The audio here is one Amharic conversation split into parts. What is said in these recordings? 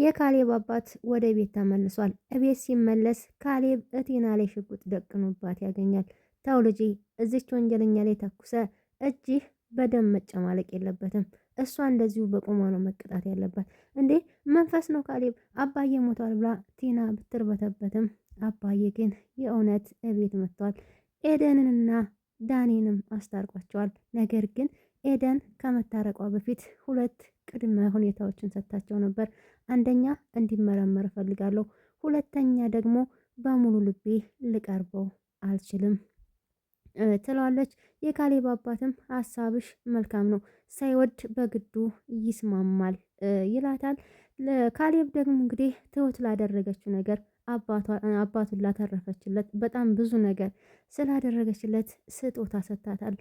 የካሌብ አባት ወደ ቤት ተመልሷል። እቤት ሲመለስ ካሌብ እቴና ላይ ሽጉጥ ደቅኖባት ያገኛል። ተው ልጄ፣ እዚች ወንጀለኛ ላይ ተኩሰ እጅህ በደም መጨማለቅ የለበትም። እሷ እንደዚሁ በቁሟ ነው መቅጣት ያለባት። እንዴ መንፈስ ነው ካሌብ፣ አባዬ ሞቷል ብላ ቲና ብትርበተበትም አባዬ ግን የእውነት እቤት መጥቷል። ኤደንንና ዳኔንም አስታርቋቸዋል። ነገር ግን ኤደን ከመታረቋ በፊት ሁለት ቅድመ ሁኔታዎችን ሰጥታቸው ነበር። አንደኛ እንዲመረመር እፈልጋለሁ። ሁለተኛ ደግሞ በሙሉ ልቤ ልቀርበው አልችልም ትለዋለች። የካሌብ አባትም ሀሳብሽ መልካም ነው ሳይወድ በግዱ ይስማማል ይላታል። ካሌብ ደግሞ እንግዲህ ትሁት ላደረገችው ነገር አባቱን ላተረፈችለት በጣም ብዙ ነገር ስላደረገችለት ስጦታ ሰጥታታል።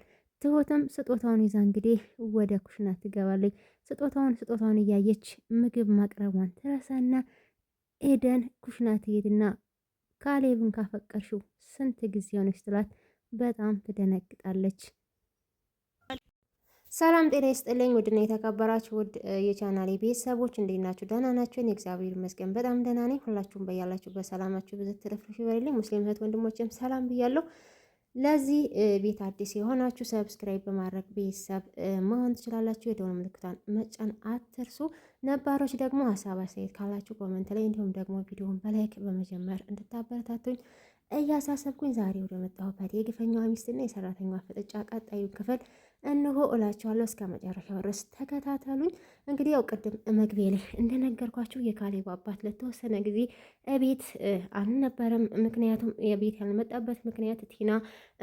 ትሁትም ስጦታውን ይዛ እንግዲህ ወደ ኩሽና ትገባለች። ስጦታውን ስጦታውን እያየች ምግብ ማቅረቧን ትረሳና ኤደን ኩሽና ትሄድና ካሌብን ካፈቀርሽው ስንት ጊዜ ሆነች ትላት። በጣም ትደነግጣለች። ሰላም ጤና ይስጥልኝ። ውድና የተከበራችሁ ውድ የቻናሌ ቤተሰቦች እንዴት ናችሁ? ደህና ናችሁን? እግዚአብሔር ይመስገን በጣም ደህና ነኝ። ሁላችሁም በያላችሁ በሰላማችሁ ብዙ ትርፍርፍ ይበልልኝ። ሙስሊም እህት ወንድሞችም ሰላም ብያለሁ። ለዚህ ቤት አዲስ የሆናችሁ ሰብስክራይብ በማድረግ ቤተሰብ መሆን ትችላላችሁ። የደወል ምልክቷን መጫን አትርሱ። ነባሮች ደግሞ ሀሳብ አስተያየት ካላችሁ ኮመንት ላይ እንዲሁም ደግሞ ቪዲዮውን በላይክ በመጀመር እንድታበረታቱኝ እያሳሰብኩኝ ዛሬ ወደ መጣሁበት የግፈኛዋ ሚስትና የሰራተኛዋ ፍጥጫ ቀጣዩን ክፍል እንሆ እላችኋለሁ። እስከ መጨረሻው ድረስ ተከታተሉኝ። እንግዲህ ያው ቅድም መግቢያ ላይ እንደነገርኳችሁ የካሌብ አባት ለተወሰነ ጊዜ እቤት አልነበረም። ምክንያቱም የቤት ያልመጣበት ምክንያት ቲና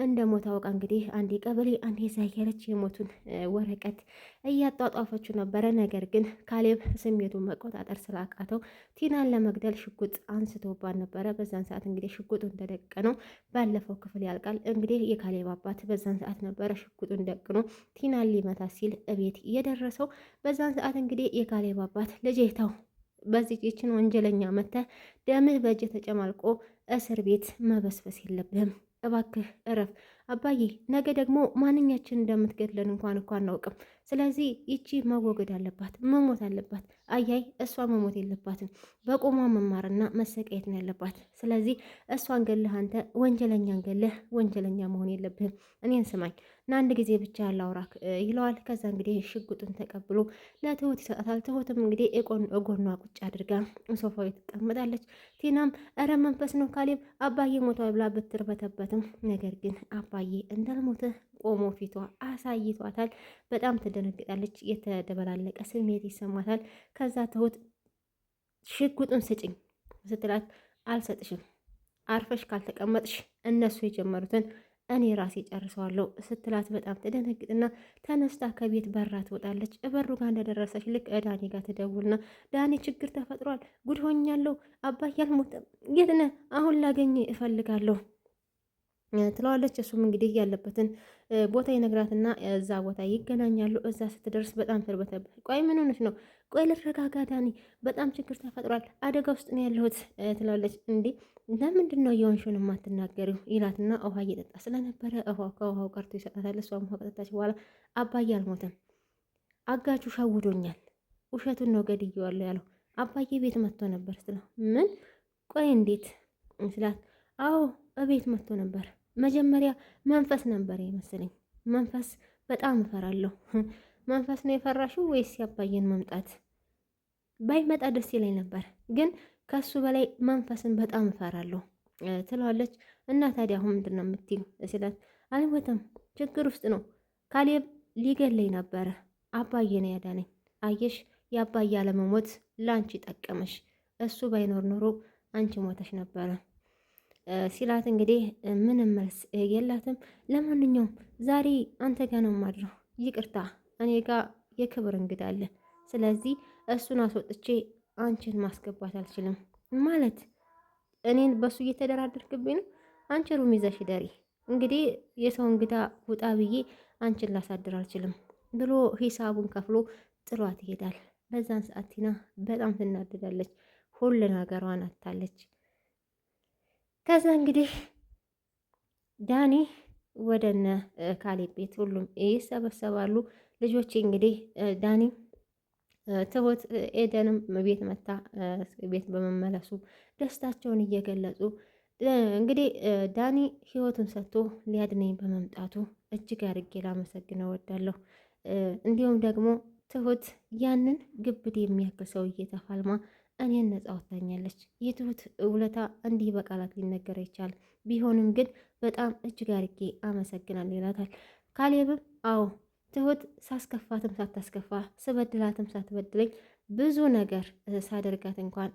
እንደ ሞት አውቃ እንግዲህ አንዴ ቀበሌ አንዴ ዛየረች የሞቱን ወረቀት እያጧጧፈችው ነበረ። ነገር ግን ካሌብ ስሜቱን መቆጣጠር ስላቃተው ቲናን ለመግደል ሽጉጥ አንስቶባት ነበረ። በዛን ሰዓት እንግዲህ ሽጉጡን ተደቅነው ባለፈው ክፍል ያልቃል እንግዲህ የካሌብ አባት በዛን ሰዓት ነበረ ሽጉጡን ደቅኖ ቲናን ሊመታ ሲል እቤት የደረሰው። በዛን ሰዓት እንግዲህ የካሌብ አባት ልጄታው በዚችን ወንጀለኛ መተ ደምህ በእጅ ተጨማልቆ እስር ቤት መበስበስ የለብህም፣ እባክህ እረፍ አባዬ። ነገ ደግሞ ማንኛችን እንደምትገድለን እንኳን እኮ አናውቅም። ስለዚህ ይቺ መወገድ አለባት፣ መሞት አለባት። አያይ እሷ መሞት የለባትም በቆሟ መማርና መሰቃየት ነው ያለባት። ስለዚህ እሷን ገለህ አንተ ወንጀለኛን ገለህ ወንጀለኛ መሆን የለብህም። እኔን ስማኝ ለአንድ ጊዜ ብቻ ያላውራክ ይለዋል። ከዛ እንግዲህ ሽጉጡን ተቀብሎ ለትሁት ይሰጣታል። ትሁትም እንግዲህ እጎኗ ቁጭ አድርጋ ሶፋው ትቀምጣለች። ቲናም እረ መንፈስ ነው ካሌብ አባዬ ሞቷል ብላ ብትርበተበትም ነገር ግን አባዬ እንዳልሞተ ቆሞ ፊቷ አሳይቷታል። በጣም ትደ ትደነግጣለች። የተደበላለቀ ስሜት ይሰማታል። ከዛ ትሁት ሽጉጡን ስጭኝ ስትላት አልሰጥሽም፣ አርፈሽ ካልተቀመጥሽ እነሱ የጀመሩትን እኔ ራሴ ጨርሰዋለሁ ስትላት በጣም ትደነግጥና ተነስታ ከቤት በራ ትወጣለች። በሩ ጋር እንደደረሰች ልክ ዳኒ ጋር ትደውልና ዳኒ ችግር ተፈጥሯል፣ ጉድ ሆኛለሁ፣ አባዬ አልሞተም፣ የት ነህ? አሁን ላገኘ እፈልጋለሁ ትለዋለች። እሱም እንግዲህ ያለበትን ቦታ ይነግራትና እዛ ቦታ ይገናኛሉ። እዛ ስትደርስ በጣም ትርበተበት። ቆይ ምን ሆነች ነው? ቆይ ልረጋጋ ዳኒ፣ በጣም ችግር ተፈጥሯል፣ አደጋ ውስጥ ነው ያለሁት ትለዋለች። እንዲህ ለምንድን ነው የወንሹን የማትናገሪው? ይላትና ውሃ እየጠጣ ስለነበረ ውሃው ከውሃው ቀርቶ ይሰጣታል። እሷም ውሃ ከጠጣች በኋላ አባዬ አልሞተም፣ አጋቹ ሸውዶኛል፣ ውሸቱን ነው ገድዬዋለሁ ያለው አባዬ ቤት መጥቶ ነበር ስለ ምን ቆይ እንዴት ስላት አዎ እቤት መጥቶ ነበር መጀመሪያ መንፈስ ነበር ይመስለኝ። መንፈስ በጣም እፈራለሁ። መንፈስ ነው የፈራሽው ወይስ ያባየን መምጣት? ባይመጣ ደስ ይለኝ ነበር፣ ግን ከሱ በላይ መንፈስን በጣም እፈራለሁ ትለዋለች። እና ታዲያ አሁን ምንድን ነው የምትይው ሲላት፣ አልሞተም፣ ችግር ውስጥ ነው። ካሌብ ሊገለኝ ነበረ፣ አባዬ ነው ያዳነኝ። አየሽ፣ የአባዬ አለመሞት ለአንቺ ጠቀመሽ። እሱ ባይኖር ኖሮ አንቺ ሞተሽ ነበረ። ሲላት እንግዲህ ምንም መልስ የላትም። ለማንኛውም ዛሬ አንተ ጋ ነው ማድረው፣ ይቅርታ እኔ ጋ የክብር እንግዳ አለ። ስለዚህ እሱን አስወጥቼ አንቺን ማስገባት አልችልም። ማለት እኔን በእሱ እየተደራደርክብኝ ነው። አንቺ ሩም ይዘሽ ደሪ እንግዲህ የሰው እንግዳ ውጣ ብዬ አንቺን ላሳድር አልችልም ብሎ ሂሳቡን ከፍሎ ጥሏት ይሄዳል። በዛን ሰዓት ቲና በጣም ትናደዳለች። ሁሉ ነገሯን አታለች። ከዛ እንግዲህ ዳኒ ወደነ ካሌብ ቤት ሁሉም ይሰበሰባሉ። ልጆች እንግዲህ ዳኒ ትሁት ኤደንም ቤት መታ ቤት በመመለሱ ደስታቸውን እየገለጹ እንግዲህ ዳኒ ህይወቱን ሰጥቶ ሊያድነኝ በመምጣቱ እጅግ አድርጌ ላመሰግነው እወዳለሁ። እንዲሁም ደግሞ ትሁት ያንን ግብድ የሚያክል ሰውዬ ተፋልማ እኔን ነጻ ወታኛለች። የትሁት ውለታ እንዲህ በቃላት ሊነገር ይቻል ቢሆንም ግን በጣም እጅግ አርጌ አመሰግናለሁ ይላታል። ካሌብም አዎ ትሁት ሳስከፋትም ሳታስከፋ ስበድላትም ሳትበድለኝ ብዙ ነገር ሳደርጋት እንኳን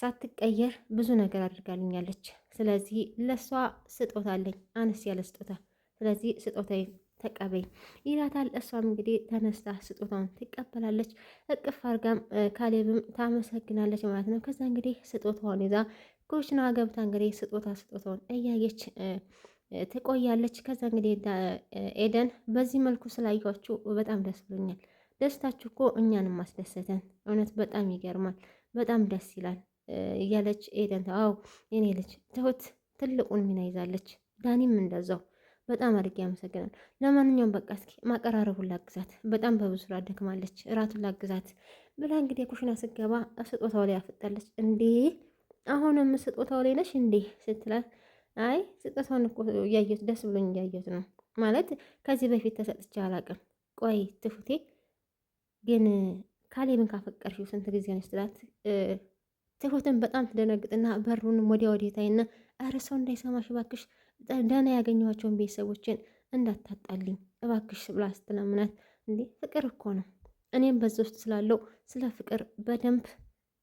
ሳትቀየር ብዙ ነገር አድርጋልኛለች። ስለዚህ ለእሷ ስጦታ አለኝ፣ አነስ ያለ ስጦታ። ስለዚህ ስጦታዬ ተቀበይ ይላታል። እሷም እንግዲህ ተነስታ ስጦታውን ትቀበላለች። እቅፍ አርጋም ካሌብም ታመሰግናለች ማለት ነው። ከዛ እንግዲህ ስጦታውን ይዛ ኩሽና ገብታ እንግዲህ ስጦታ ስጦታውን እያየች ትቆያለች። ከዛ እንግዲህ ኤደን በዚህ መልኩ ስላያችሁ በጣም ደስ ብሎኛል። ደስታችሁ እኮ እኛንም ማስደሰተን እውነት በጣም ይገርማል፣ በጣም ደስ ይላል እያለች ኤደን አዎ የኔ ልጅ ትሁት ትልቁን ሚና ይዛለች። ዳኒም እንደዛው በጣም አድርጌ ያመሰግናል። ለማንኛውም በቃ እስኪ ማቀራረቡን ላግዛት፣ በጣም በብዙ ስራ ደክማለች፣ እራቱን ላግዛት ብላ እንግዲህ ኩሽና ስገባ ስጦታው ላይ ያፈጣለች። እንዴ አሁንም ስጦታው ላይ ነሽ እንዴ ስትላት፣ አይ ስጦታውን እኮ እያየሁት ደስ ብሎኝ እያየሁት ነው ማለት ከዚህ በፊት ተሰጥቼ አላቅም። ቆይ ትሁቴ ግን ካሌብን ካፈቀርሽው ስንት ጊዜ ነው ስትላት ትሁትን በጣም ትደነግጥና በሩንም ወዲያ ወዲያ ታይና፣ ኧረ ሰው እንዳይሰማሽ እባክሽ ደህና ያገኘኋቸውን ቤተሰቦችን እንዳታጣልኝ እባክሽ ብላ ስትለምናት፣ እንዴ ፍቅር እኮ ነው። እኔም በዛ ውስጥ ስላለው ስለ ፍቅር በደንብ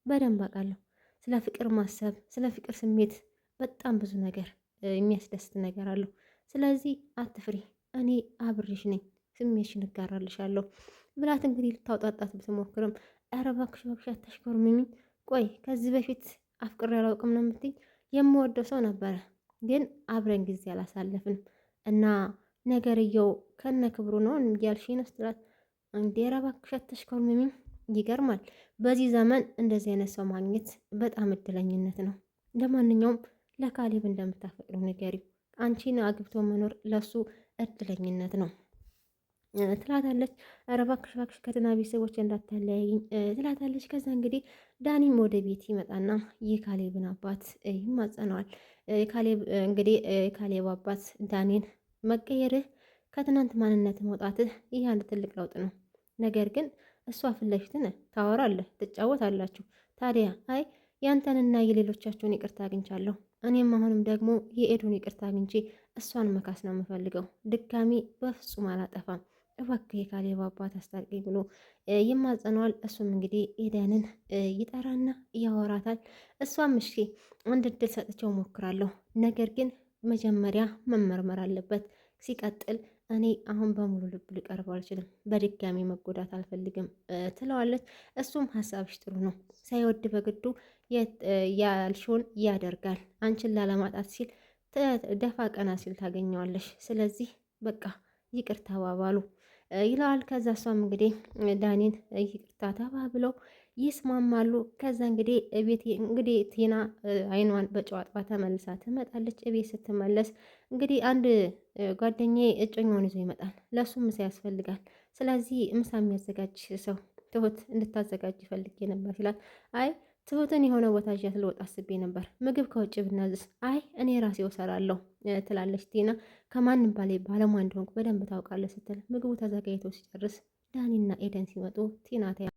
በደንብ አውቃለሁ። ስለ ፍቅር ማሰብ፣ ስለ ፍቅር ስሜት በጣም ብዙ ነገር የሚያስደስት ነገር አለው። ስለዚህ አትፍሪ፣ እኔ አብሬሽ ነኝ፣ ስሜትሽን እጋራልሻለሁ ብላት እንግዲህ ልታውጣጣት ብትሞክርም፣ ኧረ እባክሽ እባክሽ አታሽኮርምኝ፣ ቆይ ከዚህ በፊት አፍቅሬ አላውቅም ነው የምትይኝ? የምወደው ሰው ነበረ ግን አብረን ጊዜ አላሳለፍንም እና ነገርየው ከነ ክብሩ ነው እንዲያልሽ ስትላት እንዴ እባክሽ አታሽኮርምሚ። ይገርማል። በዚህ ዘመን እንደዚህ አይነት ሰው ማግኘት በጣም እድለኝነት ነው። ለማንኛውም ለካሌብ እንደምታፈቅረው ንገሪው። አንቺን አግብቶ መኖር ለሱ እድለኝነት ነው ትላታለች። ኧረ እባክሽ እባክሽ ከትና ቤተሰቦች እንዳታለያይኝ ትላታለች። ከዛ እንግዲህ ዳኒም ወደ ቤት ይመጣና ይህ የካሌብን አባት ይማጸነዋል። ካሌብ እንግዲህ ካሌብ አባት ዳኔን መቀየርህ ከትናንት ማንነት መውጣትህ ይህ አንድ ትልቅ ለውጥ ነው። ነገር ግን እሷ ፊት ለፊትን ታወራለህ፣ ትጫወታላችሁ። ታዲያ አይ ያንተንና የሌሎቻችሁን ይቅርታ አግኝቻለሁ። እኔም አሁንም ደግሞ የኤዱን ይቅርታ አግኝቼ እሷን መካስ ነው የምፈልገው። ድጋሚ በፍጹም አላጠፋም። እባክህ የካሌብ አባት አስታርቂኝ ብሎ ይማጸነዋል። እሱም እንግዲህ ኤደንን ይጠራና ያወራታል። እሷም እሺ አንድ እድል ሰጥቼው ሞክራለሁ፣ ነገር ግን መጀመሪያ መመርመር አለበት። ሲቀጥል እኔ አሁን በሙሉ ልብ ልቀርብ አልችልም፣ በድጋሚ መጎዳት አልፈልግም ትለዋለች። እሱም ሀሳብሽ ጥሩ ነው፣ ሳይወድ በግዱ ያልሽውን ያደርጋል። አንቺን ላለማጣት ሲል ደፋ ቀና ሲል ታገኘዋለሽ። ስለዚህ በቃ ይቅር ተባባሉ። ይለዋል። ከዛ እሷም እንግዲህ ዳኒን ይቅርታ ተባብለው ይስማማሉ። ከዛ እንግዲህ እቤት እንግዲህ ቲና አይኗን በጨዋጥባ ተመልሳ ትመጣለች። እቤት ስትመለስ እንግዲህ አንድ ጓደኛዬ እጮኛውን ይዞ ይመጣል፣ ለእሱ ምሳ ያስፈልጋል። ስለዚህ ምሳ የሚያዘጋጅ ሰው ትሁት እንድታዘጋጅ ይፈልግ ነበር ይላል። አይ ትሁትን የሆነ ቦታ ይዣት ልወጣ አስቤ ነበር። ምግብ ከውጭ ብናዝስ? አይ እኔ ራሴ እሰራለሁ ትላለች ቲና። ከማንም በላይ ባለሙያ እንደሆንኩ በደንብ ታውቃለህ ስትል ምግቡ ተዘጋጅቶ ሲጨርስ ዳኒና ኤደን ሲመጡ ቲና